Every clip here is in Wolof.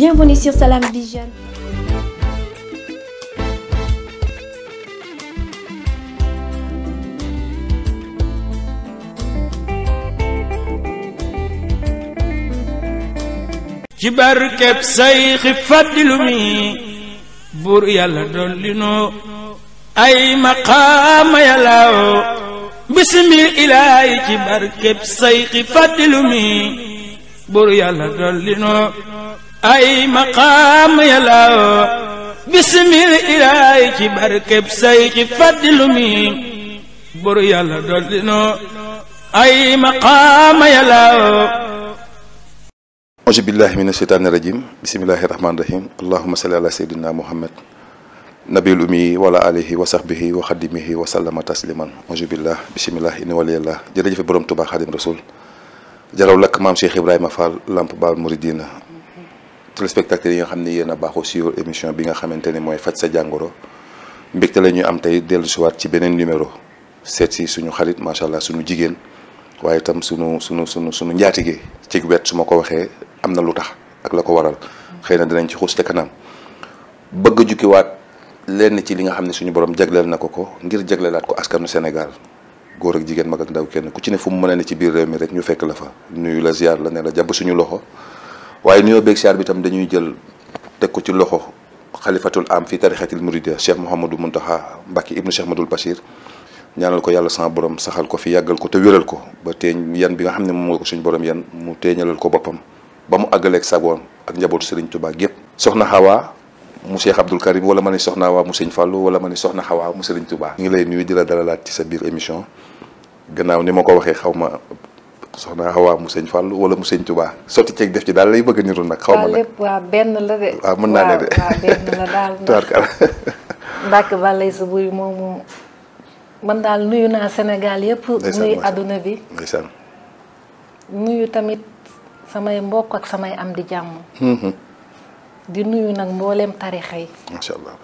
Bienvenue sur Salam Vision. ci yàlla dolli ay maqaama yàllaaw bismil ilaahi ci barkeb sayxi fàddilu ay maqaam yàllaw bisimil ilaay ci barkeb say ci faddilu mi buru yàlla dool dino ay maqaam yàllaw auzu billahi min asheytaani rajim bisimillahi rahmaani rahim allahuma salli ala sayyidina muhammad nabil umi wala alihi wa sahbihi wa xadimihi wa sallama tasliman auzu billah bisimilah ini waliyallah jërëjëfe borom tubaa xadim rasul jaraw lakk maam cheikh ibrahima fall lamp baal muridina téléspectateurs yi nga xam ne yéen a baaxoo suivre émission bi nga xamante ne mooy faj sa jàngoro mbégte la ñuy am tey dellusiwaat ci beneen numéro seet si suñu xarit macha allah suñu jigéen waaye itam suñu suñu suñu suñu njaatige ci wet su ma ko waxee am na lu tax ak la ko waral xëy na dinañ ci xuus te kanam bëgg jukkiwaat lenn ci li nga xam ne suñu borom jagleel na ko ko ngir jaglelaat ko askanu senegal góor ak jigéen mag ndaw kenn ku ci ne fu mu mën ne ci biir mi rek ñu fekk la fa nuyu la ziar la ne la jàpp suñu loxo waaye nuyoo beeg siyaar bi tam dañuy jël teg ko ci loxo xalifatul am fi tarixatil murida cheikh Mouhamadou Mountakha Mbacké ibnu cheikh Madul Bachir ñaanal ko yàlla sama borom saxal ko fi yàggal ko te wéral ko ba teeñ yan bi nga xam ne moom moo ko suñu borom yan mu teeñalal ko boppam ba mu àggaleek sagoon ak njabootu Serigne Touba yëpp. soxna Xawa mu Cheikh Abdoul Karim wala ma ne soxna Xawa mu Serigne Fallou wala ma ne soxna Xawa mu Serigne Touba. ñu ngi lay nuyu di la dalalaat ci sa biir émission gannaaw ni ma ko waxee xaw ma soxna Awa mu sëñ Fall wala mu sëñ Touba sotti ceeg def ci daal lay bëgg niru nag. xaw ma nag lépp waaw benn la de. waaw mën naa ne de waaw benn la daal. tubaarkalla. Mbacke Balaye sa buy moomu man daal nuyu naa Sénégal yëpp. nuyu àdduna bi nuyu tamit samay mbokk ak samay am di jàmm. Mm-hmm. di nuyu nag mbooleem tarixa yi. macha allah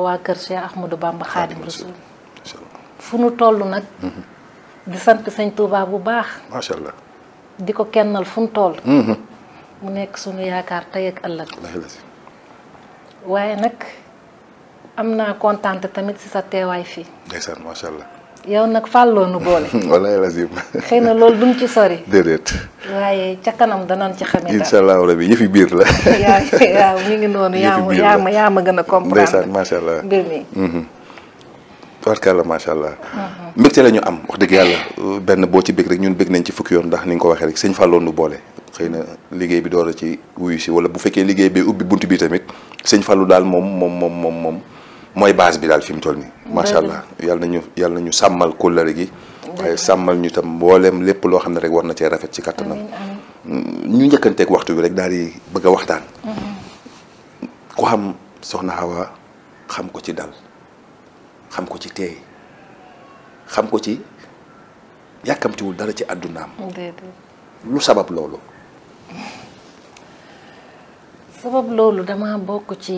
waa kër Cheikh Ahmadou bàmb Xaadim Rasul fu nu toll nag. Mm-hmm. di sant sañ Touba bu baax. macha allah. di ko kennal fu mu mm-hmm. mu nekk suñu yaakaar tey ak ëllëg. waaye nag am naa kontaante tamit si sa teewaay fii. ndeysaan macha allah. yow nag fàlloo nu boole. walaay lazim. xëy na loolu duñ ci sori. déedéet. waaye ca kanam danañ ci xamee. incha allahu rabi yëfi biir la. yaa waaw mi ngi noonu. yaa ma yaa ma gën a comprendre. ndeysaan macha allah mbir mi. Mm-hmm. tubaarkàlla macha allah. Uh-huh. mbégte la ñu am wax dëgg yàlla benn boo ci bëgg rek ñun bëgg nañ ci fukki yoon ndax ni nga ko waxee rek sëñ Fallou nu boole xëy na liggéey bi door a ci wuyu si wala bu fekkee liggéey bi ubbi bunt bi tamit sëñ Fallou daal moom moom moom moom moom mooy base bi daal fi mu toll nii. macha allah yàlla nañu yàlla nañu sàmmal kóllare gi. waaye sàmmal ñu tam mbooleem lépp loo xam ne rek war na cee rafet ci kattanam. Mm, ñu njëkkanteeg waxtu bi rek daal di bëgg a waxtaan. Uh-huh. ku xam soxna Awa ko ci dal xam ko ci teey xam ko ci yàkkamtiwul dara ci àddunaam lu sabab loolu sabab loolu dama bokk ci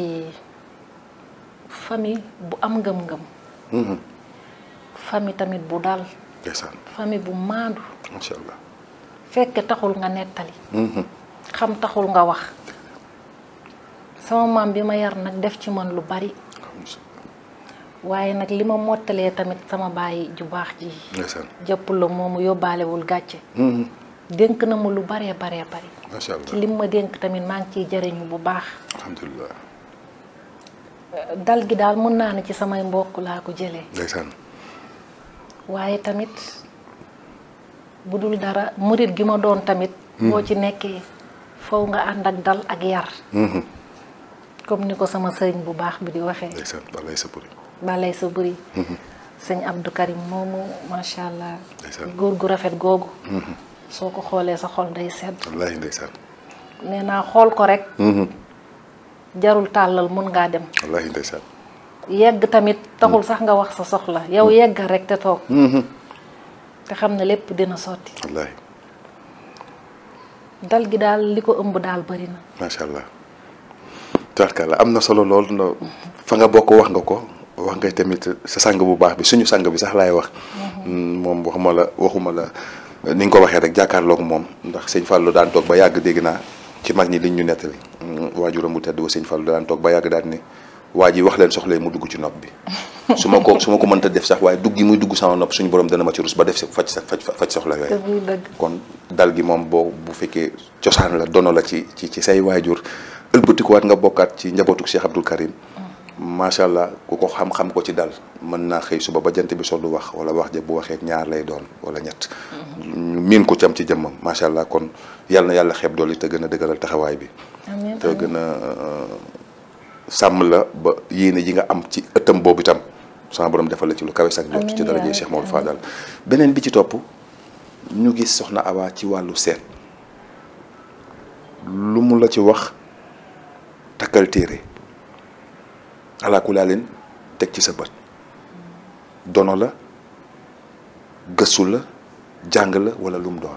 famille bu am ngëm-ngëm mm-hmm. famille tamit bu dal famille bu maandu fekk taxul nga nettali mm-hmm. xam taxul nga wax sama maam bi ma yar nag def ci man lu bari waaye nag li ma mottalee tamit sama baay ju baax ji jëpp la moomu yóbbaalewul gàcce mm-hmm. dénk na mu lu baree baree bari ci lim ma dénk tamit maa ngi ciy jëriñu bu baax dal gi daal mën naa ne ci samay mbokk laa ko jëlee waaye tamit bu dul dara murit gi ma doon tamit moo mm-hmm. ci nekkee fow nga ànd ak dal ak yar mm-hmm. comme ni ko sama sëriñ bu baax bi di waxee balay sa bëri mhm. sëñ Abdou Karim moomu macha allah góor gu rafet googu mhm. soo ko xoolee sa xol day sedd wallaahi naa xool ko rek mhm. jarul tàllal mën ngaa dem yegg tamit taxul sax nga wax sa soxla yow yeggal rek te toog te xam ne lépp dina sotti dal gi daal li ko ëmb daal bari na macha allah tubaarkalla am na solo lool fa nga bokk wax nga ko wax nga tamit sa sang bu baax bi suñu sang bi sax laay wax. Mm-hmm. moom waxuma la waxuma la ni nga ko waxee rek jàkkaarloog moom ndax sëñ Fallou daan toog ba yàgg dégg naa ci mag ñi liñ ñu nettali. Mm, waajuram bu tedd wa sëñ Fallou daan toog ba yàgg daal ne waa ji wax leen soxla mu dugg ci nopp bi. su ma ko su ma ko mënta def sax waaye dugg yi muy dugg sama nopp suñu borom dana ma ci rus ba def sa faj sa faj soxla yooyu. kon dal gi moom boo bu fekkee cosaan la dono la ci ci ci say waajur ëlbatikuwaat nga bokkaat ci njabootu Cheikh Abdoul Karim macha allah ku ko xam-xam ko ci dal mën naa xëy suba ba jant bi sollu wax wala wax ja bu waxee ñaar lay doon wala ñett. Mm-hmm. miin ko cam ci jëmmam macha allah kon yal na yàlla xeeb dolli te gën a dëgëral taxawaay bi. te gën a euh, sàmm la ba yéene yi nga am ci ëttam boobu itam sama borom defal la ci lu kawe sax jot ci daraja Cheikh Maodo Fadal beneen bi ci topp ñu gis soxna Awa ci wàllu seet lu mu la ci wax takkal téere alaakulaa leen teg ci sa bët dono la gëstu la jàng la wala lum doon.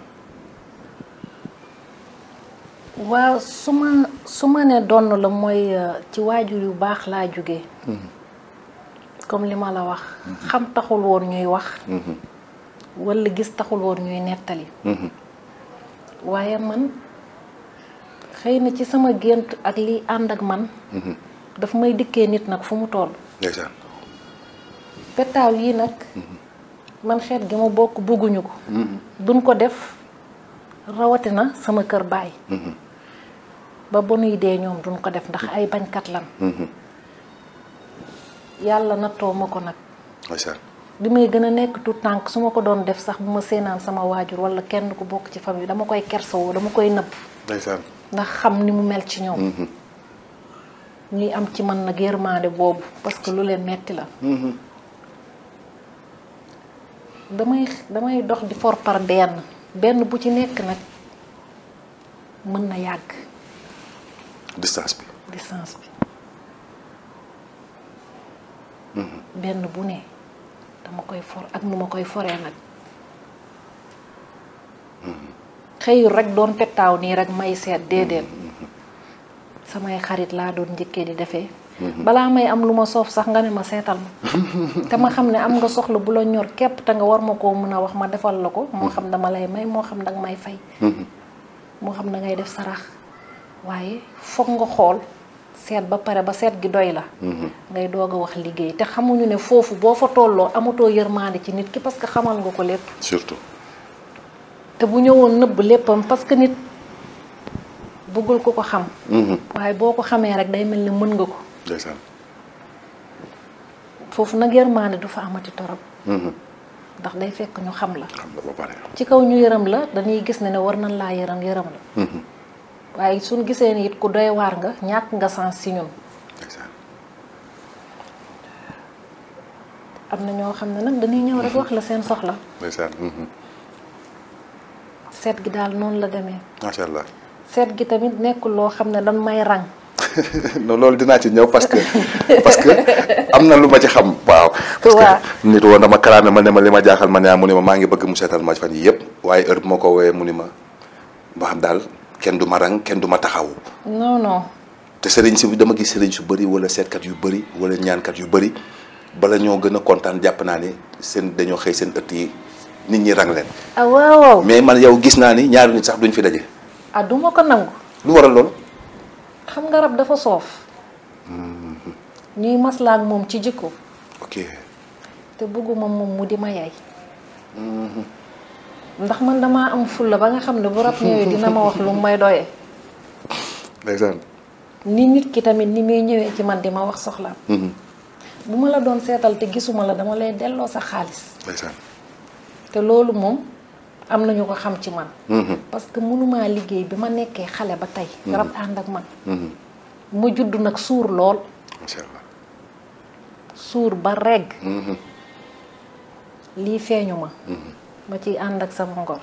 waaw su ma su ma ne donn la mooy euh, ci waajur yu baax laa jóge mhm. comme li ma la wax mhm. xam taxul woon ñuy wax mhm. walla gis taxul woon ñuy nettali waaye man xëy na ci sama gént ak liy ànd ak man dafa may dikkee nit nag fu mu toll. ndeysaan. pétaaw yi nag. man xeet gi ma bokk bëgguñu ko. duñ ko def rawatina sama kër baay. ba ba nuy dee ñoom duñ ko def ndax ay bañkat lan. yàlla nattoo ma ko nag. ndeysaan. may gën a nekk tout tànk su ma ko doon def sax bu ma seenaan sama waajur wala kenn ku bokk ci famille dama koy kersawoo dama koy nëbb. ndax xam ni mu mel ci ñoom. ñuy am ci mën na yërmande boobu parce que lu leen metti la mm-hmm. damay damay dox di for par benn benn bu ci nekk nag mën na yàgg distance bi distance bi mm-hmm. benn bu ne dama koy for ak nu ma koy foree nag mm-hmm. xëyul rek doon pettaaw nii rek may seet déedéet samay xarit laa doon njëkkee di defee. Mhm. balaa may am lu ma soof sax nga ne ma seetal ma. te ma xam ne am nga soxla bu la ñor képp te nga war ma koo mën a wax ma defal la ko. Mhm. moo xam dama lay may moo xam danga may fay. Mhm. moo xam da ngay def sarax waaye foog nga xool seet ba pare ba seet gi doy la. doog a wax liggéey te xamuñu ne foofu boo fa tolloo amatoo yërmaande ci nit ki parce que xamal nga ko lépp. te bu ñëwoon nëbb léppam parce nit. bëggul ko ko xam. Mhm. waaye boo ko xamee rek day mel ni mën nga ko. foofu nag yërmaande du fa amati torop. Mhm. ndax day fekk ñu xam la. ci kaw ñu yërëm la dañuy gis ne ne war nañ laa yaram yërëm la. Mhm. waaye suñ gisee ni it ku doy waar nga ñàkk nga sens si ñun. am na ñoo xam ne nag dañuy ñëw rek wax la seen soxla. seet gi daal noonu la demee. macha seet gi tamit nekkul loo xam ne dañ may rang. non loolu dinaa ci ñëw parce que parce que am na lu ma ci xam. waaw parce que nit woon dama kalaame ma ne ma li ma jaaxal ma ne mu ma maa ngi bëgg mu seetal ma fan yii yëpp waaye heure bu ma ko wooyee mu ne ma ba daal kenn du ma rang kenn du ma taxaw. te sëriñ si dama gis sëriñ su bëri wala seetkat yu bëri wala ñaankat yu bëri bala ñoo gën a kontaan jàpp naa ni seen dañoo xëy seen ëtt yi nit ñi rang leen. ah waaw mais man yow gis naa ni ñaari nit sax duñ fi daje. ah duma ko nangu. lu waral loolu. xam nga rab dafa soof. Mm-hmm. ñuy maslaa moom ci jikko. te bëgguma moom mu di ma yaay. Mm-hmm. ndax man damaa am fulla ba nga xam ne bu rab ñëwee dina ma wax lu may doyee. ndeysaan. ni nit ki tamit ni muy ñëwee ci man di ma wax soxlaam. Mm-hmm. bu ma la doon seetal te gisuma la dama lay delloo sa xaalis. te loolu moom. am na ñu ko xam ci man. Mm-hmm. parce que mënumaa liggéey bi ma nekkee xale ba tey. Mm-hmm. rab ànd ak man. mu mm-hmm. judd nag suur lool. suur ba regg. lii feeñu ma. ma ciy ànd ak sama ngor.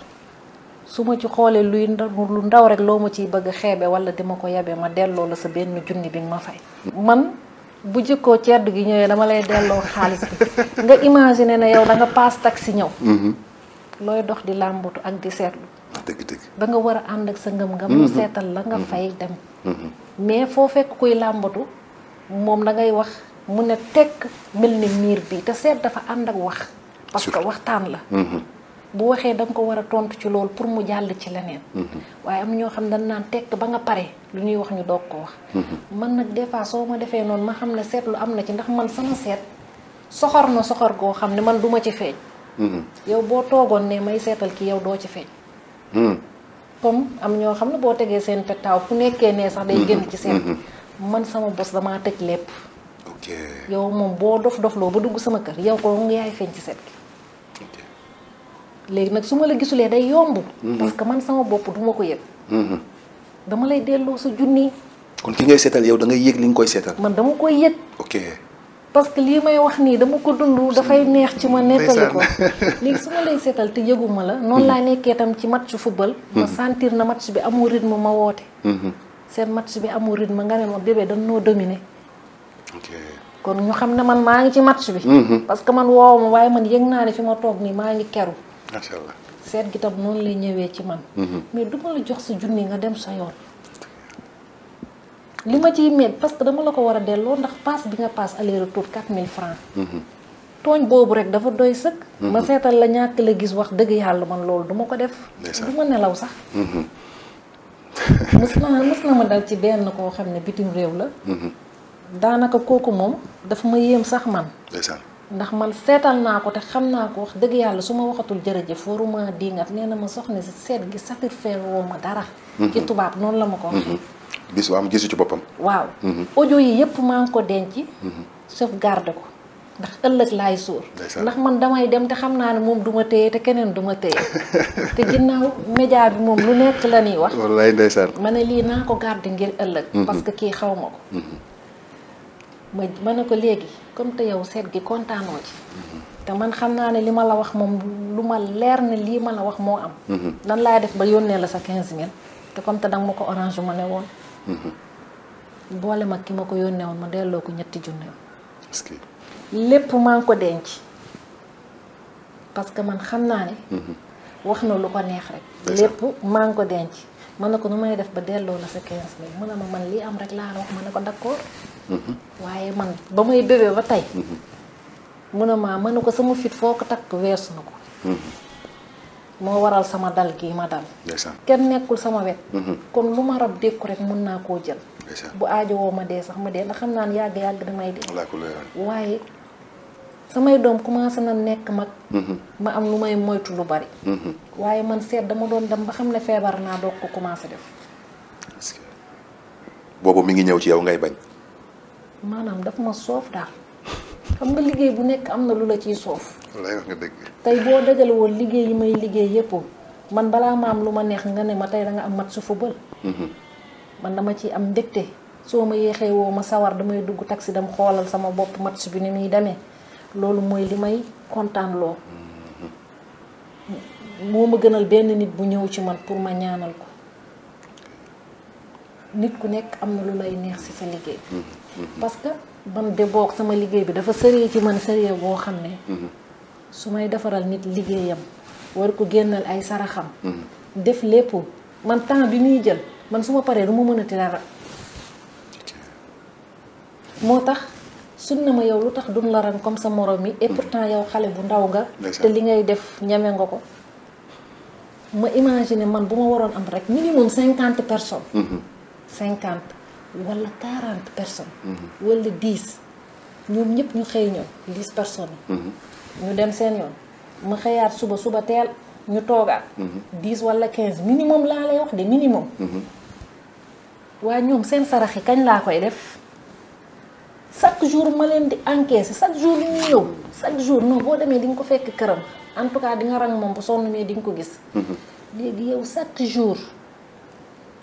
su ma ci xoolee luy lu ndaw rek loo ma ciy bëgg xeebe wala dama ko yebe ma delloo la sa benn junni bi ma fay. man bu jëkkoo ceddu gi ñëwee dama lay delloo xaalis bi nga imaginer ne yow da nga paas ñëw. looy dox di làmbatu ak di seetlu. ba nga war a ànd ak sa ngëm-ngëm. mu mm-hmm. seetal la nga mm-hmm. fay dem. Mm-hmm. mais foo fekk kuy làmbatu moom da ngay wax mu ne tekk mel ne niir bi te seet dafa ànd ak wax. parce que waxtaan la. bu waxee da ko war a tontu ci loolu pour mu jàll ci leneen. waaye am ñoo xam dañ naan tekk ba nga pare lu ñuy wax ñu doog ko wax. man nag des fois soo ma defee noonu ma xam ne seetlu am na ci ndax man sama seet soxor na soxor goo xam ne man duma ci feeñ. Mm-hmm. yow boo toogoon ne may seetal ki yow doo ci feeñ. Mm-hmm. comme am ñoo xam ne boo tegee seen pettaaw fu nekkee nee sax day génn ci seen. Mm-hmm. man sama bos damaa tëj lépp. ok yow moom boo dof dofloo ba dugg sama kër yow ko yaay feeñ ci set gi. léegi nag su ma la gisulee day yomb. parce man sama bopp duma ko yëg. dama lay delloo sa junni. kon ki ngay seetal yow da ngay yëg li nga koy seetal. man dama koy yëg. parce que lii may wax nii dama ko dund dafay mm. neex ci ma nettali ko su ma lay seetal te yëguma la noonu laa mm. nekkee tam ci match football ma mm. sentir na match bi amul rythme ma woote mm-hmm. seen match bi amul rythme nga ne ma bébé dañ noo domine kon ñu xam ne man maa ngi ci match bi mm-hmm. parce que man woow ma waaye man yëg naa ne fi ma toog nii maa ngi keru macha allah seet gi tam noonu lay ñëwee ci man mm-hmm. mais du ma la jox sa junni nga dem sa yoon li ma ci met parce que dama la ko war a delloo ndax paas bi nga paas aller retour 4000 francs mhm. tooñ boobu rek dafa doy sëkk. Mhm. ma seetal la ñàkk la gis wax dëgg yàlla man loolu du ma ko def. du ma nelaw sax. Mhm. mës na ma dal ci benn koo xam ne bitim réew la. kooku moom dafa ma yéem sax man. ndax man seetal naa ko te xam naa ko wax dëgg yàlla su ma waxatul jërëjëf waruma diingat nee na ma soxna si seet gi satisfaire woo ma dara. ci tubaab noonu la ma ko waxee. bis bu am waaw. Mhm. audio yi yëpp maa ngi ko denc. Mhm. sauvegarde ko ndax ëllëg laay suur. ndax man damay dem te xam naa ne moom duma ma téye te keneen du ma téye te ginnaaw média bi moom lu nekk la ñuy wax. wallaay ndeysaan. ma ne lii naa ko garde ngir ëllëg. Mhm. parce kii xaw ma ko. ma ma ne ko léegi comme te yow seet gi kontaanoo ci. te man xam naa ne li ma la wax moom lu ma leer ne lii ma la wax moo am. nan laay def ba yónnee la sa quinze mille te comme te danga ma ko orange ma ne woon. boole ma ki ma ko yónnee woon ma delloo ko ñetti junne lépp maa ngi ko denc parce que man xam naa ne mhm. wax na lu ko neex rek lépp maa ngi ko denc mën na ko nu may def ba delloo la sa quinze mille mën na ma man lii am rek laa wax ma ne ko d'accord mhm. waaye man ba may bébé ba tey mhm. mun a maa mën na ko sama fit foo ko takk weesu na ko moo waral sama dal gii ma dal. kenn nekkul sama wet. Mhm. kon lu ma rab dékku rek mun naa koo jël. bu aajo ma dee sax ma dee ndax xam naa ne yàgg yàgg damay dee. waaye samay doom commencé na nekk mag. Mhm. ma am lu may moytu lu bari. Mhm. waaye man seet dama doon dem ba xam ne feebar naa doog ko commencé def. boobu mi ngi ñëw ci yow ngay bañ. maanaam daf ma soof daal. xam nga liggéey bu nekk am na lu la ciy soof. wallaahi wax nga tey boo dajale liggéey yi may liggéey yëpp man balaa ma am lu ma neex nga ne ma tey danga am mat su football. Mhm. man dama ci am ndégte soo ma yéexee woo ma sawar damay dugg taxi dem xoolal sama bopp match bi ni muy demee loolu mooy li may kontaan loo mhm. moo ma gënal benn nit bu ñëw ci man pour ma ñaanal ko nit ku nekk am na lu lay neex ci sa liggéey mhm. parce man de boog sama liggéey bi dafa sëree ci man sëree boo xam ne mhm. su may defaral nit liggéeyam war ko génnal ay saraxam mhm. def lépp man temps bi muy jël man su ma paree du ma mënati dara moo tax suñ na ma yow lu tax duñ la ran comme sa morom yi et mhm. pourtant yow xale bu ndaw nga te li ngay def ñeme nga ko ma imaginer man bu ma waroon am rek minimum cinquante personnes cinquante wala quarante personnes. Mhm. wala dix ñoom ñëpp ñu xëy ñëw dix personnes mhm. ñu dem seen yoon ma xëyaat suba suba teel ñu toogaat. Mhm. dix wala quinze minimum laa lay wax de minimum. waaye ñoom seen sarax yi kañ laa koy def chaque jour ma leen di encaisser chaque jour li ñu ñëw chaque jour non boo demee di nga ko fekk këram en tout cas di nga rang moom bu sonn mais di nga ko gis. léegi yow chaque jour.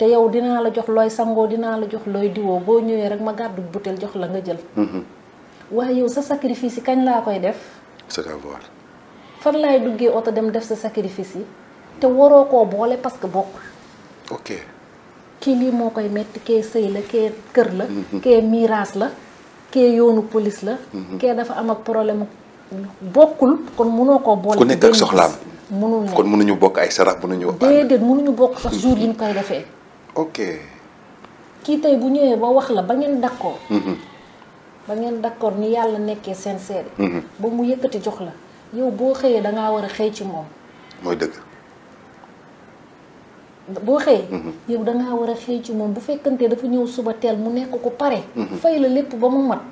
te yow dinaa la jox looy sangoo dinaa la jox looy diwoo boo ñëwee rek ma gàddu butéel jox la nga jël. Mhm. waaye yow sa sacrifice yi kañ laa koy def. c'est à voir. fan laay duggee oto dem def sa sacrifice yi te waroo ko boole parce que bokkul. ok. lii moo koy metti kee sëy la kee kër la. Mhm. kee miiras la kee yoonu police la. Mhm. kee dafa am ak problème bokkul kon munoo koo boole. ku nekk ak soxlaam mënul kon mënuñu bokk ay sarax mënuñu. déedéet mënuñu bokk sax jour yi ñu koy defee. ok. kii tey bu ñëwee ba wax la ba ngeen d'accord. Mm-hmm. ba ngeen d'accord ni yàlla nekkee seen seede. Mm-hmm. ba mu yëkkati jox la yow boo xëyee dangaa war a xëy ci moom. boo xëyee. Mm-hmm. yow war a xëy ci moom bu fekkante dafa ñëw suba teel mu nekk ko pare. fay la lépp ba mu mat.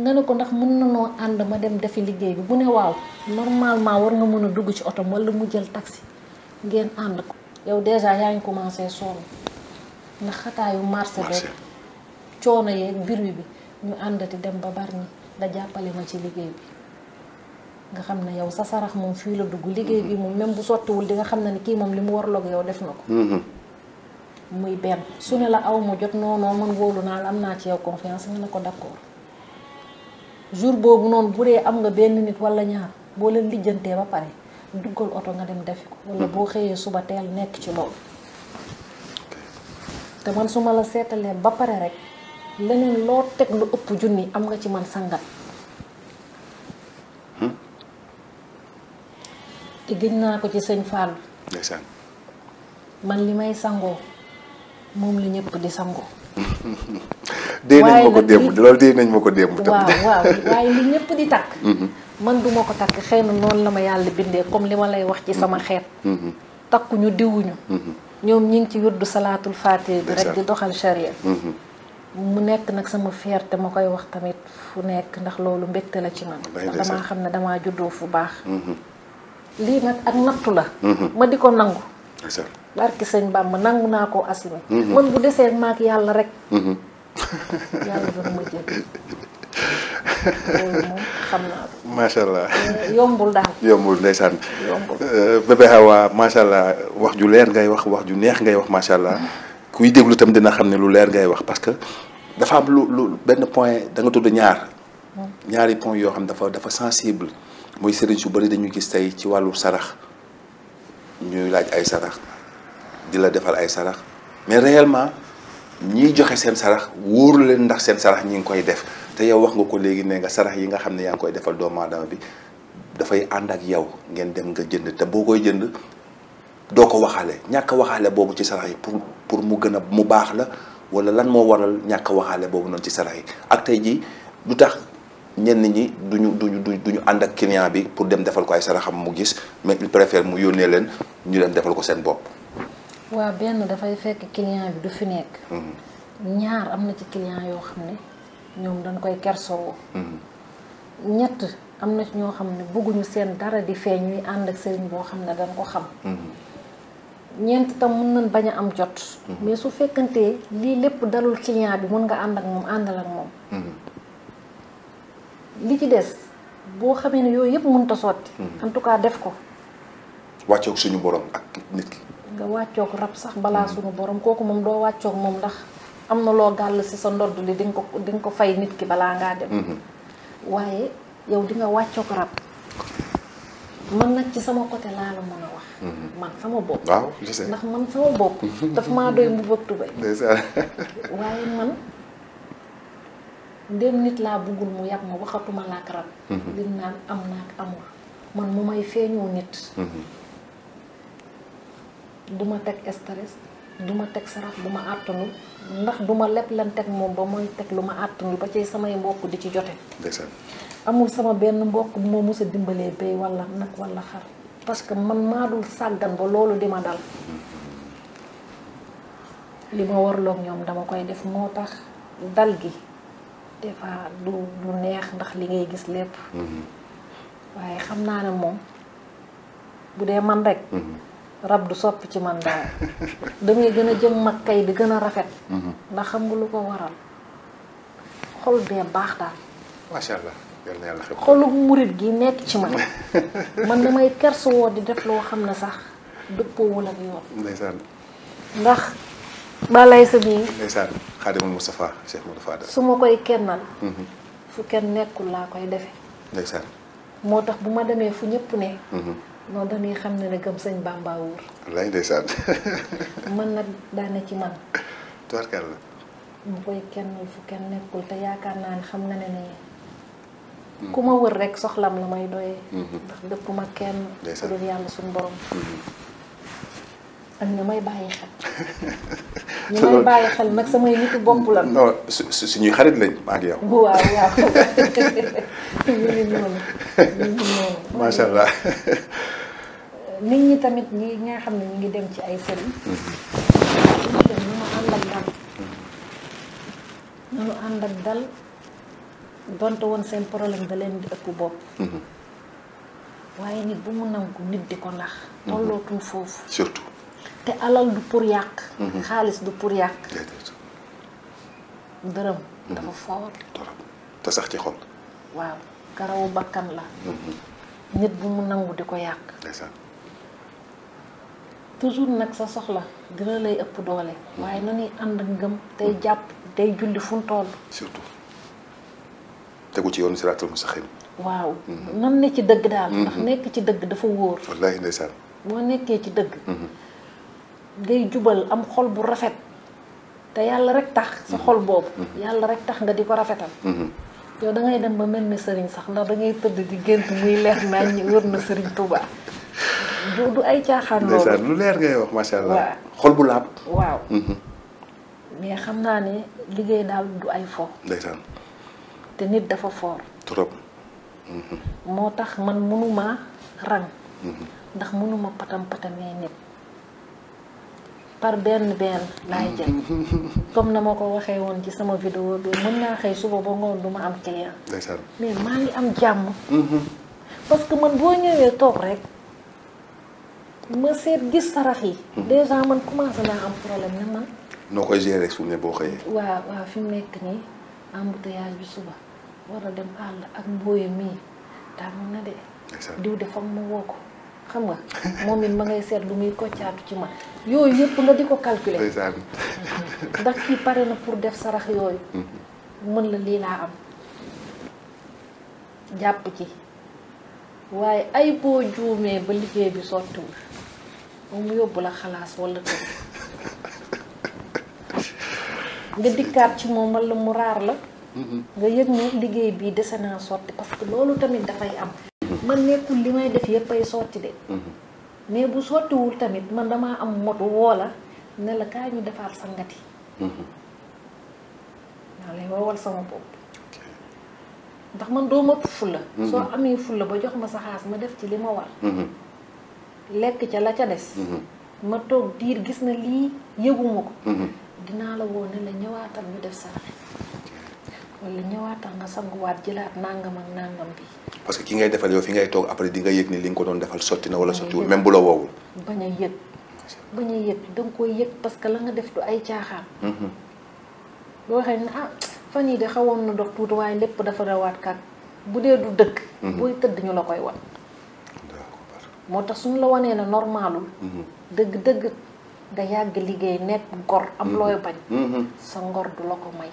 nga ne ko ndax mën na noo ànd ma dem defi liggéey bi bu ne waaw normalement war nga mën a dugg ci oto wala mu jël taxi ngeen ànd ko. yow déjà yaa ngi commencé sonn. ndax xataayu marché beeg coono yee biru bi ñu àndati dem ba Bargny da jàppale ma ci liggéey bi nga xam ne yow sa sarax moom fii la dugg liggéey bi moom même bu sottiwul di nga xam ne ni kii moom li mu warloog yow def na ko mhm. muy benn su ne la aw jot noonoo man wóolu naa la am naa ci yow confiance nga ne ko d'accord jour boobu noonu bu dee am nga benn nit walla ñaar boo leen lijjantee ba pare duggal oto nga dem defi ko wala mhm. boo xëyee suba teel nekk ci loolu te man su ma la seetalee ba pare rek leneen loo teg lu ëpp junni am nga ci man sangat hmm? te gëj naa ko ci sëñ Fallou man li may sangoo moom la ñëpp di sangoo dee nañ ma ko démb loolu dee nañ ma ko waaw waaw waaye li ñëpp di takk man duma ko takk xëy na noonu la ma yàlla bindee comme li ma lay wax ci sama xeet takkuñu diwuñu ñoom ñi ngi ci wirdu salaatul faatih bi rek di doxal charia mhm. mu nekk nag sama fierté ma koy wax tamit fu nekk ndax loolu mbégte la ci man damaa xam ne damaa juddoo fu baax mhm. lii nag ak nattu la mhm. ma di ko nangu barki sëñ Bàmba nangu naa ko assumer man bu desee maag yàlla rek yàlla dana ma jël xam naa macha allah euh, yombul daal. yombul ndeysaan. yombul euh, Bébé Awa allah wax ju leer ngay wax wax ju neex ngay wax macha allah. kuy déglu itam dina xam ne lu leer ngay wax parce que dafa am lu lu benn point da tudd ñaar. Hmm. ñaari point yoo xam dafa dafa sensible. mooy sëriñ su bari dañuy gis tey ci wàllu sarax ñuy laaj ay sarax di la defal ay sarax mais réellement ñiy joxe seen sarax wóoru leen ndax seen sarax ñi ngi koy def. te yow wax nga ko léegi ne nga sarax yi nga xam ne yaa ngi koy defal doomu aadama bi dafay ànd ak yow ngeen dem nga jënd te boo koy jënd doo ko waxaale ñàkk waxaale boobu ci sarax yi pour pour mu gën a mu baax la wala lan moo waral ñàkk waxaale boobu noonu ci sarax yi ak tey jii lu tax ñenn ñi duñu duñu du duñu ànd ak client bi pour dem defal ko ay saraxam mu gis mais il préfère mu yónnee leen ñu dem defal ko seen bopp waaw benn dafay fekk client ñoom dañ koy kersowoo mm-hmm. ñett am na ci ñoo xam ne bëgguñu seen dara di feeñ ñuy ànd ak sëriñ boo xam ne dañ ko xam mm-hmm. ñeent tam mën na bañ a am jot mm-hmm. mais su fekkantee lii lépp dalul client bi mën nga ànd ak moom àndal ak moom li ci des boo xamee ne yooyu yëpp mënut a sotti en def ko wàccoog suñu borom ak nit ki nga wàccoog rab sax balaa suñu boroom kooku moom doo wàccoog moom ndax am na loo gàll si sa ndodd li di ko di ko fay nit ki balaa ngaa dem. Mm-hmm. waaye yow di nga wàccoog rab. man nag ci sama côté laa la mën a wax. Mm-hmm. man sama bopp. waaw ndax man sama bopp. daf maa doy mu bëgg tubéy. waaye man ndéem nit laa bëggul mu yàgg ma waxatuma laa ak rab. Mm-hmm. li am naa amul man mu may feeñoo nit. du ma teg stress du ma teg sarax bu ma àttanu ndax du ma leb lan teg moom ba mooy teg lu ma àttanu ba ci samay mbokk di ci jote amul sama benn mbokk bu ma mës dimbalee béy walla nag wala xar parce que man maa dul sàggan ba loolu di ma dal mm-hmm. li ma warloog ñoom dama koy def moo tax dal gi des du du neex ndax li ngay gis lépp mm-hmm. waaye xam naa ne moom bu dee man rek mm-hmm. rab du sopp ci man daal damay gën a jëm mag kay di gën a rafet. Mhm. ndax xam nga lu ko waral xol bee baax daal. macha allah yal na yàlla murit gi nekk ci man man damay kersuwoo di def loo xam ne sax dëppoowul ak yoon. ndeysaan. ndax balay sa bii. ndeysaan xaadimul Moustapha Cheikh su ma koy kennal. Mhm. fu kenn nekkul laa koy defee. ndeysaan. moo tax bu ma demee fu ñëpp ne. Mhm. non dañuy xam ne ne gëm sëñ Bamba wóor. walaay ndeysaan. man nag daane ci man. tubarkal la. mu koy kenn fu kenn nekkul te yaakaar naa ne xam nga ne ne. Hmm. ku ma wër rek soxlam la may doyee. Hmm. ndax dëkkuma kenn. ndeysaan ku dul yàlla suñu borom. Hmm. ak ñu may bàyyi xel. ñu may bàyyi xel nag samay nitu bopp la. non su suñuy xarit lañ maa ngi yow. waaw nit ñi tamit ñi nga xam ne ñu ngi dem ci ay sëriñ. Mm-hmm. ñu ma ànd ak dal. ñu ànd ak dal donte woon seen problème da leen di ëpp bopp. Mm-hmm. waaye nit bu mu nangu nit di ko nax. Mm-hmm. tollootul foofu surtout. te alal du pour yàq. Mhm. xaalis du pour yàq. dërëm. Mhm. dafa foor. te sax ci xol. waaw karawu bakkan la. Mhm. nit bu mu nangu di ko yàq. toujours nag sa soxla dina lay ëpp doole. waaye na ànd ngëm tey jàpp tey julli fu mu toll. surtout tegu ci yoonu siraatal mustaqim waaw nan ne ci dëgg daal. ndax nekk ci dëgg dafa wóor. wallaahi ndeysaan. boo nekkee ci dëgg. ngay jubal am xol bu rafet te yàlla rek tax sa mhm. xol boobu mhm. yàlla rek tax nga di ko rafetal mhm. yow da ngay dem ba mel ni sëriñ sax ndax dangay tëdd di gént muy leer naañ ñi wër na sëriñ Touba du du ay caaxaan lu leer ngay wax macha allah xol bu laab waaw mais xam naa ne liggéey daal du ay fo ndeysaan te nit dafa foor trop moo tax man mënuma rang ndax mënuma patam patamee nit par benn benn laay jël comme na ma ko waxee woon ci sama vidéo bi mën naa xëy suba ba ngoon du ma am client mais maa ngi am jàmm mm-hmm. parce que man boo ñëwee toog rek ma seet gis sarax yi mm-hmm. déjà man commencé naa am problème ne man noo koy gérer rek su ne boo xëyee waaw waaw fi nekk nii embouteillage bi suba war a dem àll ak mbooye mii tàmm na de diw de foog ma woo ko xam nga moom it ma ngay seet lu muy koccaatu ci ma yooyu yëpp nga di ko calculer ndax kii pare na pour def sarax yooyu mën la lii laa am jàpp ci waaye ay boo juumee ba liggéey bi sottiwul moom yóbbu la xalaas wala tëdd nga dikkaat ci moom wala mu raar la nga yëg ne liggéey bii dese naa sotti parce que loolu tamit dafay am man nekkul li may def yëpp ay sotti de mais bu sottiwul tamit man damaa am motu woola ne la kaa ñu defaat sa ngati waaw lay woowal sama bopp ndax man doo ma fulla soo amee fulla ba jox ma sa xaas ma def ci li ma war lekk ca la ca des ma toog diir gis na lii yëguma ko dinaa la woo ne la ñëwaatal ñu def saraxe wala ñëwaata nga sanguwaat jëlaat nangam ak nangam bi. parce que ki ngay defal yow fi ngay toog après di nga yëg ni li nga ko doon defal sotti na wala sottiwul même bu la woowul. bañ a yëg bañ a yëg da koy yëg parce que la nga def du ay caaxaan. Mm-hmm. boo waxee ne ah fan na dox tuuti waaye lépp dafa rawaat kat bu dee du dëkk. Mm-hmm. booy tëdd ñu la koy wan. moo tax suñu la wanee na normalul mm-hmm. dëgg dëgg nga yàgg liggéey nekk gor am looy bañ. sa ngor du la ko may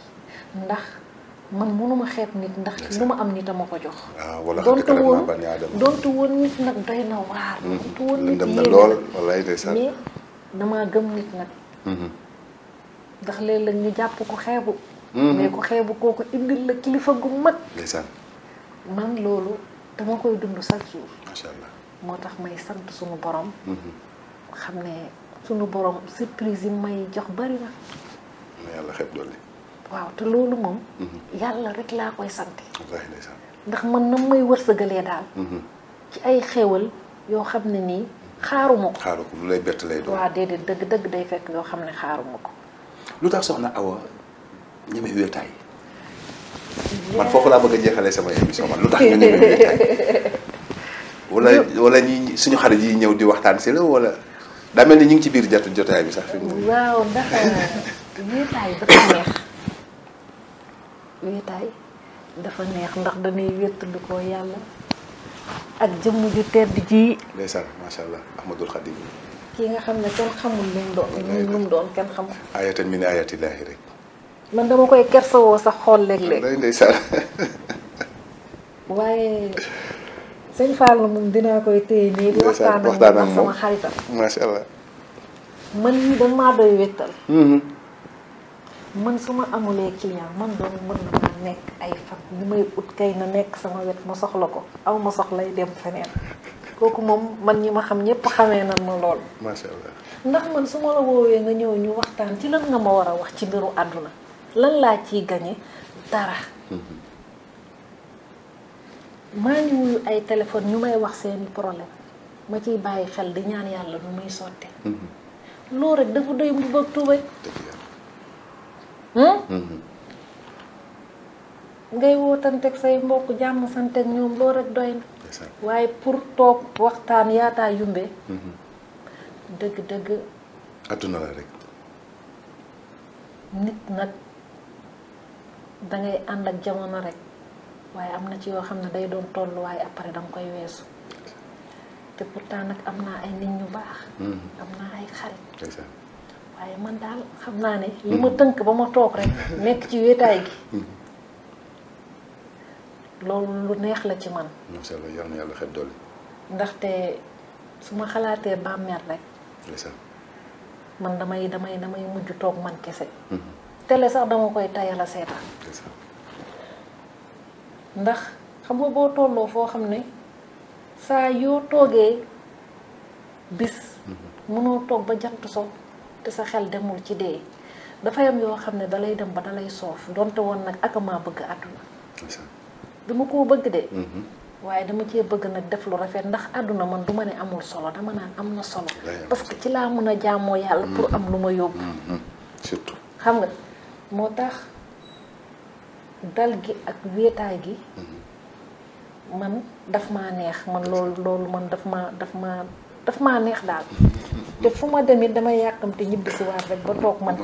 ndax. man mënuma xeet nit ndax lu ma am nit a ko jox. waaw ah, wala donte woon donte woon nit nag doy na waar. Mm-hmm. donte woon nit dem na lool walaay ndeysaan mais damaa gëm nit nag. Mm-hmm. ndax léeg-léeg ñu jàpp ko xeebu. Mm-hmm. mais ko xeebu kooku indi la kilifa gu mag. man loolu dama koy dund chaque jour. moo tax may sant suñu borom. xam ne suñu borom surprise yi may jox bari na. na yàlla xeeb dolli. waaw te loolu moom. Mhm. yàlla rek laa koy sant. ndax man na may wërsëgalee daal. Mhm. ci ay xéewal yoo xam ne nii xaaruma ko. xaaru ko lu lay bett lay doon. waaw déedéet dëgg dëgg day fekk yoo xam ne xaaruma ko. lu tax soxna Awa ñeme wéetaay. man laa bëgg a sama émission man lu tax wala wala ñi suñu xarit yi ñëw di waxtaan si la wala. daa mel ni ñu ngi ci biir jatu jotaay bi sax fi waaw ndax wéetaay dafa neex. wéetaay dafa neex ndax dañuy wéttalu ko yàlla ak jëmm ju tedd ji. ndeysaan macha allah Ahmadul Xadim. kii nga xam ne kenn xamul lu doon kenn xamul. ayatan min ayatillaahi rek. man dama koy kersawoo sax xool léeg-léeg. ndeysaan. waaye sëñ Fallou moom dinaa koy téye nii. di waxtaan ak sama xaritam. man nii dañ maa doy man su ma amulee client man doon mën naa nekk ay fan li may ut kay na nekk sama wet ma soxla ko aw ma soxlay dem feneen kooku moom man ñi ma xam ñëpp xamee na ma lool. macha allah ndax man su ma woowee nga ñëw ñu waxtaan ci lan nga ma war a wax ci mbiru àdduna lan laa ciy gañe dara. Mm-hmm. maa ngi ay téléphone ñu may wax seeni problème ma ciy bàyyi xel di ñaan yàlla nu muy sotte. Mm-hmm. loolu rek dafa doy mu bëgg tuubay Mhm. ngay wootanteeg say mbokk jàmm santeeg ñoom loo rek doy na. waaye pour toog waxtaan yaataa yumbe mhm. dëgg dëgg. àdduna la rek. nit nag dangay ànd ak jamono rek waaye am na ci yoo xam ne day doon tolluwaay après danga koy weesu te pourtant nag am naa ay nit ñu baax. Mhm. am naa ay xarit. waaye man daal xam naa ne li ma tënk ba ma toog rek nekk ci wéetaay gi loolu lu neex la ci man macha allah yal na yàlla xet dolli ndaxte su ma xalaatee bàmmeel rek man damay damay damay mujj toog man kese mhm. tele sax dama koy tayal a seetaan ndax xam boo tolloo foo xam ne saa yoo toogee bis mhm. mënoo toog ba jant so te sa xel demul ci dee dafa am yoo xam ne dalay dem ba dalay soof donte woon nag ak maa bëgg àdduna dama koo bëgg de mm-hmm. waaye dama cee bëgg nag def lu rafet ndax àdduna man du ma ne amul solo dama naan am na solo parce que ci laa mën a jaamoo yàlla pour mm-hmm. am lu ma yóbbu mm-hmm. xam nga moo tax dal gi ak wéetaay gi man daf maa neex man loolu loolu man daf ma daf ma daf maa neex daal te fu ma demit damay yàkkamte ñibbi si waat rek ba toog man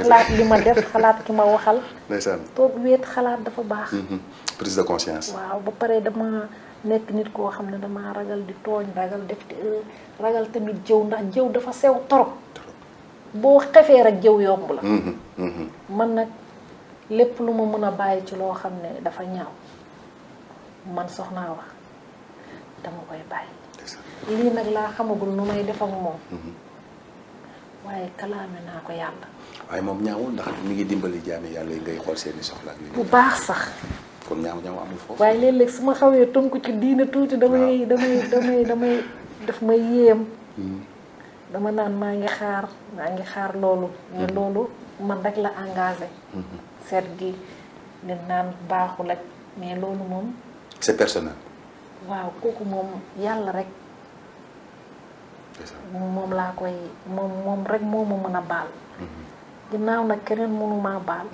xalaat li ma def xalaat ki ma waxal ndeysaan toog wéet xalaat dafa baax mm-hmm. prise de conscience waaw ba pare dama nekk nit koo xam ne dama ragal di tooñ ragal def euh, ragal tamit jëw ndax jëw dafa sew torop boo xefee rek jëw yomb la mm-hmm. Mm-hmm. man nag lépp lu ma mën a bàyyi ci loo xam ne dafa ñaaw man soxnaa wax dama koy bàyyi lii nag laa xamagul nu may def ak moom. Mhm. waaye kalaame naa ko yàlla. waaye moom ñaawul ndax mi ngi dimbali jaami yàlla yi ngay xool seeni soxla ak bu baax sax. kon ñaaw ñaaw waaye léeg-léeg su ma xawee tënku ci diina tuuti. damay damay damay damay daf may yéem. Mhm. dama naan maa ngi xaar maa ngi xaar loolu. mais mhm. loolu man rek la engagé. seet gi ne naan baaxul ak mais loolu moom. c'est personnel. waaw kooku moom yàlla rekk moom laa koy moom rek moo ma mën a baal mhm. ginnaaw nag keneen mënumaa baal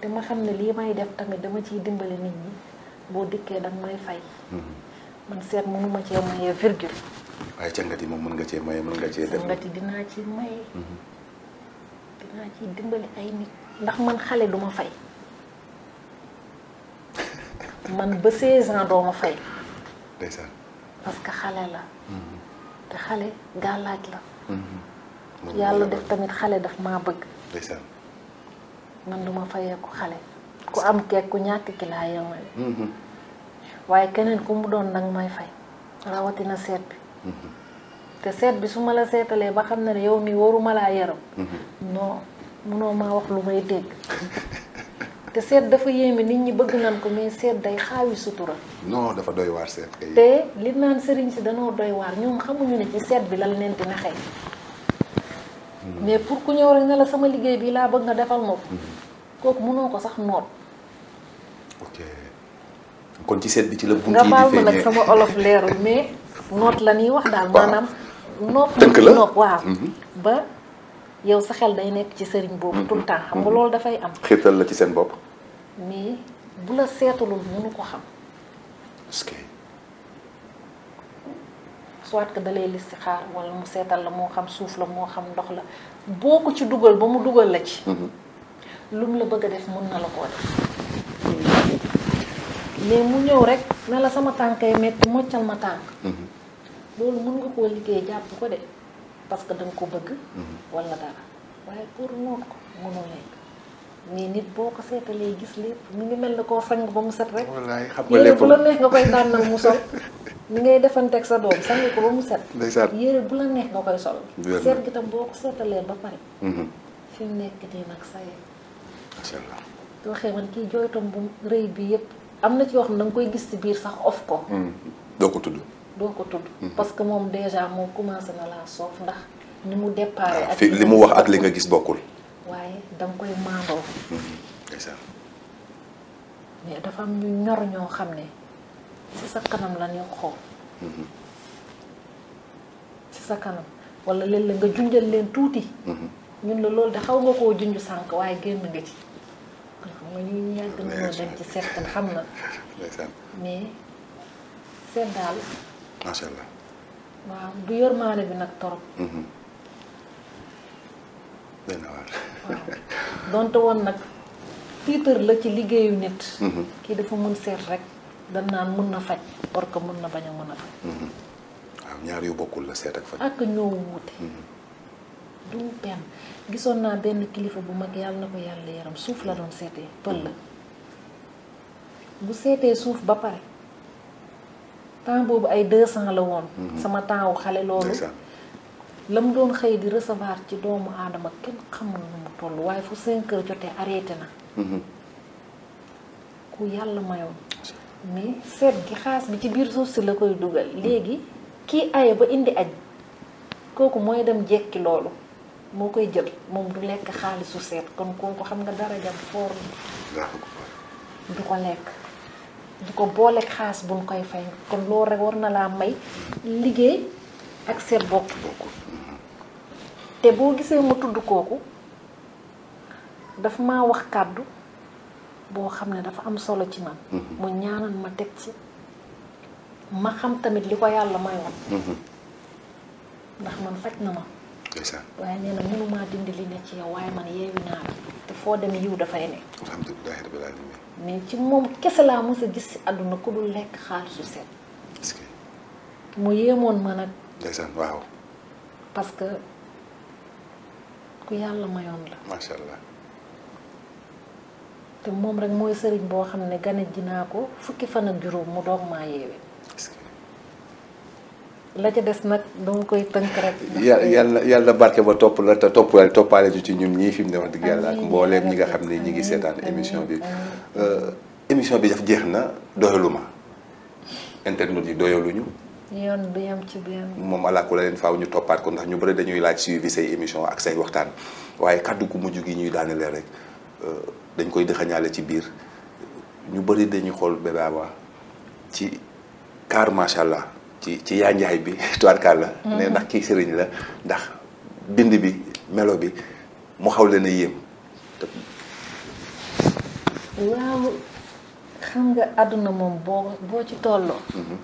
dama mhm. xam ne lii may def tamit dama ciy dimbali nit ñi boo dikkee danga may fay mhm. man seet mënuma cee mayee virgule waaye cangati moom mën nga cee maye mën nga dinaa ci maye dinaa ci dimbali ay nit ndax man xale duma fay man ba 16 ans doo ma fay ndeysaan parce que xale la te xale gàllaaj la mhm. yàlla def tamit xale daf maa bëgg man duma fayeeku xale ku am keek ku ñàkk ki laa yemale mhm. waaye keneen ku mu doon nag may fay rawatina seet bi mhm. te seet bi su ma la seetalee ba xam ne yow mi waruma laa yaram non munoo maa wax lu may dégg te seet dafa yéeme nit ñi bëgg nañ ko mais seet day xaawi sutura. non dafa doy waar seet kay. te li naan sëriñ si danoo doy waar ñoom xamuñu ne ci seet bi lan leen di naxee. Hmm. mais pour ku ñëw rek sama liggéey bi laa bëgg nga defal ma hmm. kooku mënoo ko sax noot. kon ci seet bi ci la. bunt yi di feeñee nga nag sama olof leerul mais noot la ñuy wax daal maanaam. noot la ñuy noot waaw hmm. ba. yow sa xel day nekk ci sëriñ boobu tout le temps xam nga mhm. loolu dafay am xiirtal la ci seen bopp mais bu la seetulul mënu ko xam est-ce que soit que dalay listixaar wala mu seetal la moo xam suuf la moo xam ndox la boo ko ci dugal ba mu dugal la ci mhm. lu mu la bëgg a def mun na la koo def mais mu ñëw rek ne la sama tànkay metti moccal ma tànk mhm. loolu mën nga koo liggéey jàpp ko de parce que danga nga ko bëgg. Mhm. wala dara waaye pour noot ko mënoo nekk mais nit boo ko seetalee gis lépp mu ngi mel ne ko sang ba mu set rek. xam nga lépp yére bu la neex nga koy mu sol. ni ngay defanteeg sa doom sang ko bu la neex nga koy sol. seet gi tam boo ko seetalee ba pare. Mhm. fi mu nekk nii nag saa yéen. macha allah. yoo xam bu rëy bi yëpp am na ci yoo xam ne da koy gis ci biir sax of ko. Mhm. doo ko tudd. doo ko tudd. Mhm. parce que moom déjà moo commencé na laa soof ndax ni mu déparé. Ah, ak li mu wax ak li nga gis bokkul. waaye da koy maandoo. Mhm. mais dafa am ñu ñor ñoo xam ne ci sa kanam la ñuy mhm. kanam wala léeg-léeg leen tuuti. ñun la loolu de xaw nga koo junj sànq waaye génn nga ci. kon xam ñu yàgg nañoo dem ci seet xam na. mais seet daal. macha allah. waaw du yërmaane bi nag torop. dëgg mm-hmm. donte woon nag tiitar la ci liggéeyu nit. Mm-hmm. kii dafa mën seet rekk dan naan mën na faj or que mën na bañ a mën a faj. Mm-hmm. waaw ñaar yu bokkul la seet ak faj. ak du benn gisoon naa benn kilifa bu mag yàlla na ko yàlla yaram suuf la doon seetee pël la bu seetee suuf ba pare temps boobu ay 200 la woon. Mhm. sama temps wu xale loolu. la mu doon xëy di recevoir ci doomu aadama kenn xamul nu mu toll waaye fu 5 heures jotee arrêté na. Mhm. ku yàlla mayoon. mais seet gi xaas bi ci biir suuf si la koy dugal mhm. léegi kii aye ba indi añ kooku mooy dem jekki loolu moo koy jël moom du lekk xaalisu seet kon kooku xam nga dara jam foor du ko lekk du ko booleeg xaas buñ koy fay kon loolu rek war na laa may liggéey ak seet bokk te boo gisee ma tudd kooku dafa ma wax kàddu boo xam ne dafa am solo ci man mhm. mu ñaanal ma teg ci ma xam tamit li ko yàlla mayoon mhm. ndax man faj na ma waaye nee na mënumaa dindi li ne ci yow waaye man yeewi naa te foo dem yiw dafay ne mais ci moom kese laa mës a gis si àdduna ku dul lekk xaalisu set mu yéemoon ma nag ndeysaan waaw parce que ku yàlla mayoon la macha allah te moom rek mooy sëriñ boo xam ne gane ji naa ko fukki fan ak juróom mu doog maa yeewe la ca des nag dama koy tënk rek. yàlla yàlla barke ba topp la te topp yàlla toppaale ci ñun ñii fi mu ne wax dëgg yàlla ak mbooleem ñi nga xam ne ñi ngi seetaan émission bi. Euh, émission bi daf jeex na doyalu ma internet yi doyaluñu. yoon du yem moom alaaku la leen faaw ñu toppaat ko ndax ñu bëri dañuy laaj suivi say émission ak say waxtaan waaye kàddu gu mujj gi ñuy daane leen rek euh, dañ koy dëxañaale ci biir ñu bëri dañuy xool Bébé Awa ci car macha ci ci yaa njaay bi tuwaatkaar la ne mhm. ndax kii sëriñ la ndax bind bi melo bi mu xaw leen a yéem waaw xam nga àdduna moom boo boo ci tolloo mhm.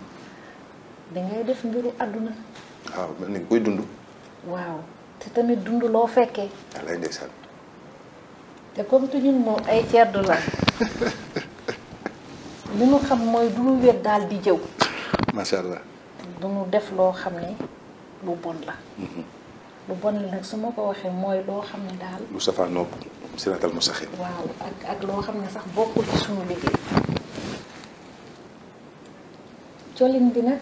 dangay def mbiru àdduna waaw mel ni koy dund waaw te tamit dund loo fekkee lay ndeysaan te comme tu moom ay ceddu la li nu xam mooy du lu wet daal di jëw duñu def loo xam ne lu bon la mhm. lu bon la nag su ma ko waxee mooy loo xam ne daal lu safaanoog siraatal mustaqiim waaw ak ak loo xam ne sax bokkul ci suñu liggéey colin bi nag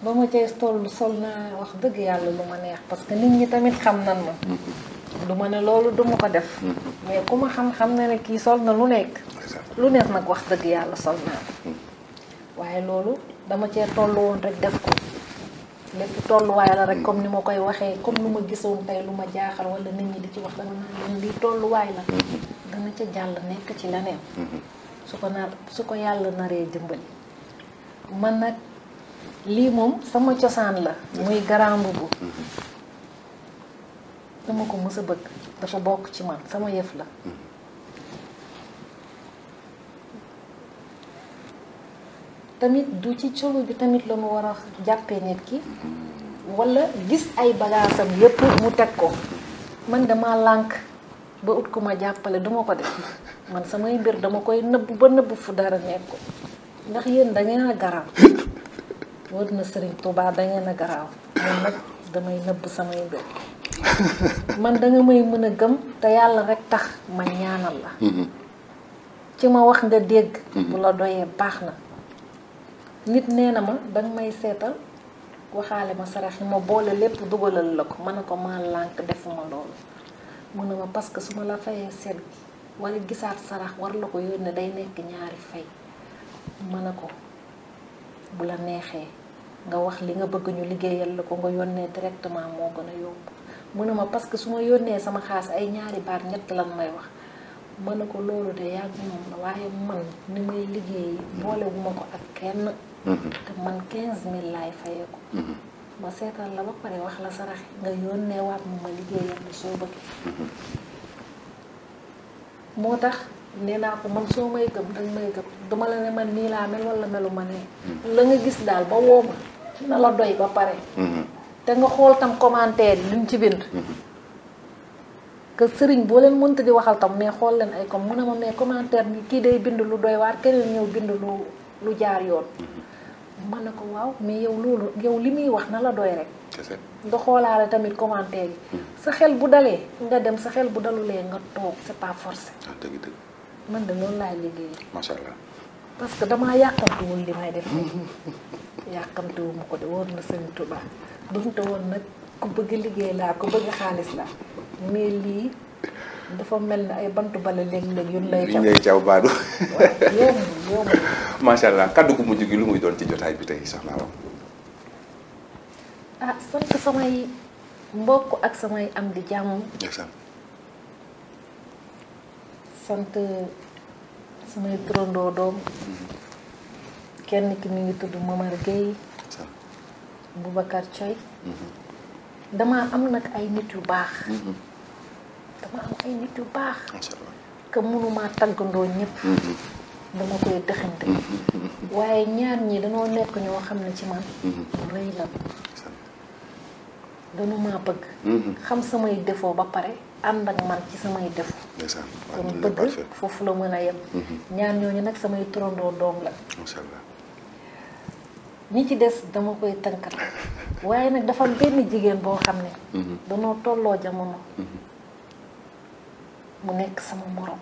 ba ma cay toll sol naa wax dëgg yàlla lu ma neex parce que nit ñi tamit xam nan ma mhm. du ma ne loolu duma ko def mhm. mais ku ma xam-xam na ne kii sol na lu nekk lu neex nag wax dëgg yàlla sol naa waaye loolu dama cee toll woon rek def ko lépp tolluwaay la rek comme ni ma koy waxee comme lu ma gisoon tey lu ma jaaxal wala nit ñi di ci wax dama naan lii tolluwaay la dana ca jàll nekk ci leneen su ko nar su ko yàlla naree jëmbali man nag lii moom sama cosaan la muy grand mbubu sama ko mës a bëgg dafa bokk ci man sama yëf la tamit du ci colu bi tamit la mu war a jàppee nit ki walla gis ay bagaasam yépp mu teg ko man dama lànk ba ut ku ma jàppale duma ko def man samay mbir dama koy nëbb ba nëbb fu dara nekk ko ndax yéen da ngeen a garaaw wër na Sëriñ Tuubaa da ngeen a garaaw man nag damay nëbb samay mbir man da may mën a gëm te yàlla rek tax ma ñaanal la mm-hmm. ci ma wax nga dégg mm-hmm. bu la doyee baax na nit nee na ma danga may seetal waxaale ma sarax yi ma boole lépp dugalal la ko mën ne ko ma lànk defuma loolu mu ne parce que su ma la fayee seet wala gisaat sarax war la ko yónnee day nekk ñaari fay ma ne ko bu la neexee nga wax li nga bëgg ñu liggéeyal la ko nga yónnee directement moo gën a yóbbu mu ne ma parce que su ma yónnee sama xaas ay ñaari baat ñett lan may wax ma ne ko loolu de yàgg moom la waaye man ni may liggéey boolewuma ko ak kenn te mhm. man 15000 laay fayeeku. Mhm. ma seetal la ba pare wax la sarax nga yónnee waat mu ma liggéeyal la soo bëggee. Mhm. moo tax nee naa ko man soo may gëm dañ may gëm duma la ne man nii laa mel wala melu ma ne. la nga gis daal ba woo na la doy ba pare. te nga xool tam commentaire yi luñ ci bind. que sëriñ boo leen mënta di waxal tam mais xool leen ay comme mu ne ma mais commentaire kii day bind lu doy waar keneen ñëw bind lu. lu jaar yoon mën mm-hmm. na ko waaw mais yow loolu yow li muy wax na la doy rek nga xoolaale tamit commentaire yi mm-hmm. sa xel bu dalee nga dem sa xel bu dalulee nga toog c'est pas forcé ah, dëgg dëgg man de loolu laay liggéey macha que damaa yàkkamtuwul li may def yàkkamtuwu ma ko de woon na sëñ Tuba dum woon nag ku bëgg liggéey laa ku bëgg xaalis la mais lii dafa mel ne ay bant bale léeg-léeg yu lay. caw baadu. macha allah kaddu gu mujj gi lu muy doon ci jotaay bi tey soxna Awa. ah sant samay mbokk ak samay am di jàmm. sant samay turandoo doom. Mm-hmm. kenn ki mi ngi tudd Momar Gueye. Boubacar Thioy. Mm-hmm. damaa am nag ay nit yu baax. Mm-hmm. dama am ay nit yu baax. que mënuma tàggandoo ñëpp. Mm-hmm. dama koy dëxante. Mm-hmm. waaye ñaar ñi danoo nekk ñoo xam ne ci man. Mm-hmm. rëy la danu maa bëgg. xam samay defoo ba pare ànd ak man ci samay def kon bëgg foofu la mën a yem. ñaar ñooñu nag samay turandoo doom la. ñi ci des dama koy tënkal waaye nag dafa benn jigéen boo xam ne. danoo tolloo jamono. mu nekk sama morom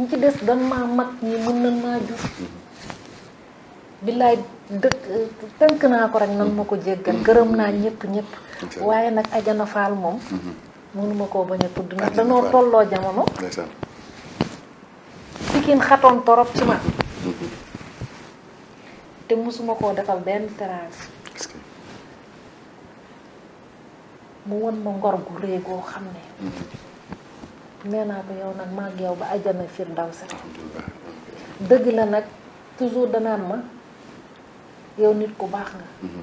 ñi ci des dan ma mag ñi mën nañ maa jur billaay dëkk tënk naa ko rek nan ma ko jéggal gërëm naa ñëpp ñëpp waaye nag Ajana Fall moom mhm. mënuma koo bañ a tudd ndax danoo tolloo jamono Pikine xatoon torop ci ma mhm. te mosuma koo defal benn terrasse mu won ma ngor gu rëy goo xam ne mhm. nee naa ko yow nag maag yow ba àjjana firdawsi dëgg la nag toujours danaan ma yow nit ku baax nga mhm.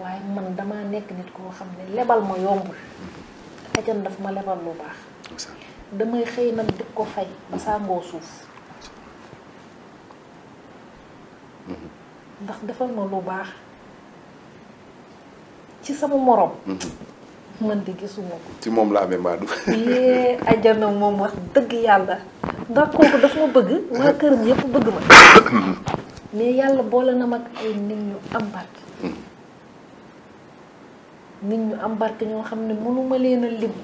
waaye man damaa nekk nit koo xam ne lebal ma yombul àjjana mhm. daf ma lebal lu baax damay xëy nag di ko fay ba sàngoo suuf mhm. ndax defal ma lu baax ci sama moroom man di gisuma ko. ci moom laa amee Madou. yee ajana moom wax dëgg yàlla ndax kooku daf ma bëgg kër këram yëpp bëgg ma mais yàlla boole na mag ay nit ñu embarqué. nit ñu embarqué ñoo xam ne mënuma leen a lim.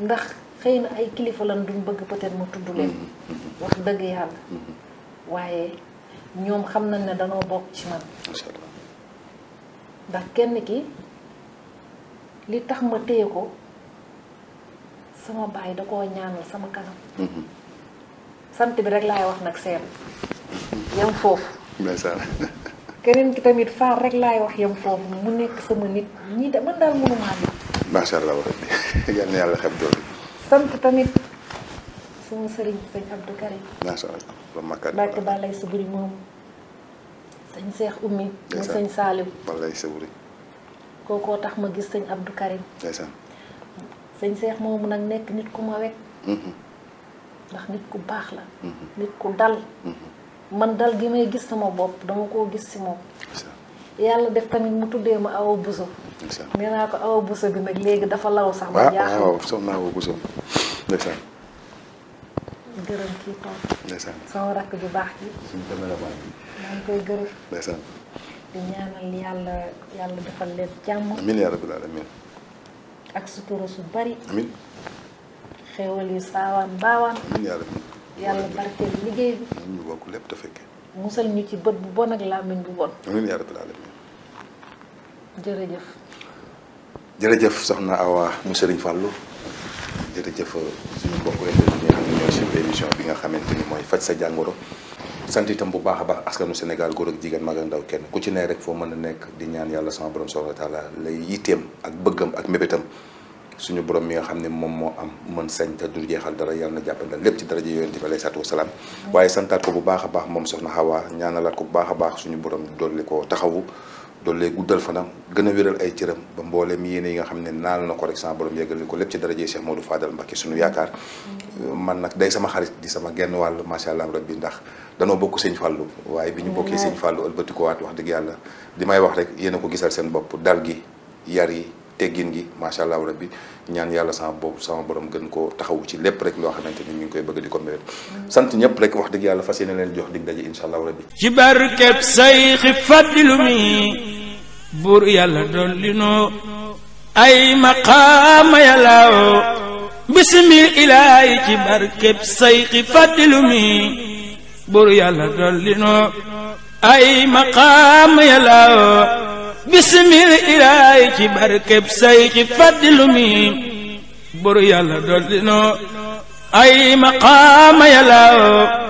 ndax xëy na ay kilifa lan duñ bëgg peut-être ma tudd wax dëgg yàlla. waaye ñoom xam nañ ne danoo bokk ci man. ndax kenn ki. li tax ma téye ko sama baay da koo ñaanal sama kanam. Mhm. sant bi rek laay wax nag seen yam mhm. foofu. ndeysaan. ki tamit faar rek laay wax yam foofu mu nekk sama nit ñii de man daal mënumaa nit. macha yàlla xeb doole. sant tamit sama sëriñ sëñ Abdou Karim. macha allah ba Makka. Mbacke Ba lay Saburi moom. sëñ Cheikh Oumy. ndeysaan mu sëñ Salim. Ba lay Saburi. kookoo tax ma gis sëñ Abdou Karim. ndeysaan. sëñ Seex moomu nag nekk nit ku ma wekk. Mm-hmm. ndax nit ku baax la. Mm-hmm. nit ku dal. Mm-hmm. man dal gi may gis sama bopp dama koo gis si moom. yàlla def tamit mu tuddee ma awa buso. nee naa ko awa buso bi nag léegi dafa law sax. ma jaaxal waaw waaw soxna awa buso ndeysaan. gërëm kii toog. ndeysaan sama rakk ju baax ji. suñu koy gërëm. ndeysaan. di ñaanal yàlla yàlla defal leen jàmm. amiin yaa rabbal aalamiin. ak sutura su bari. amiin. yu saawaan baawaan. amiin yaa rabbal yàlla barkeel liggéey bi. lépp te fekkee. musal ñu ci bët bu bon ak làmmiñ bu bon. amiin yaa rabbal jërëjëf. jërëjëf soxna Awa mu Serigne jërëjëf euh, suñu mbokku internet yi nga xam ne ñoo suivre émission bi nga xamante ni mooy faj sa jàngoro. sant itam bu baax a baax askanu Sénégal góor ak jigéen mag ndaw kenn ku ci ne rek foo mën a nekk di ñaan yàlla sama borom subhanahu wa taala lay yitteem ak bëggam ak mébétam suñu borom mi nga xam ne moom moo am mën sañ te du jeexal dara yàlla na lépp ci daraja yonent bi alayhi salaatu wasalaam waaye santaat ko bu baax a baax moom soxna Xawa ñaanalaat ko bu baax baax suñu borom dolli ko taxawu doolu lay guddal fanam gën a wéral ay cëram ba mbooleem yéene yi nga xam ne naan na ko rek sama borom yeggali ko lépp ci daraje Cheikh Modou Fadal Mbacké suñu yaakaar mm-hmm. man nag day sama xarit di sama genn wàll macha allah bi ndax danoo bokk sëñ Fallou waaye bi ñu bokkee sëñ Fallou ëlbatikowaat wax dëgg yàlla di may wax rek yéen a ko gisal seen bopp dal gi yar yi teggin gi macha allah rabbi ñaan yàlla sama boobu sama borom gën koo taxawu ci lépp rek loo xamante ni ñu ngi koy bëgg di ko mbéyal sant ñëpp rek wax dëgg yàlla fas yéene leen jox dig daje incha allah rabbi. ci barkeb say xi faddilu mi buur yàlla dolli ay maqaama say xi faddilu mi yàlla bismil ilaahi ci barkeb say ci faddilu mi buru yàlla dolli noo ay maqaama yàlla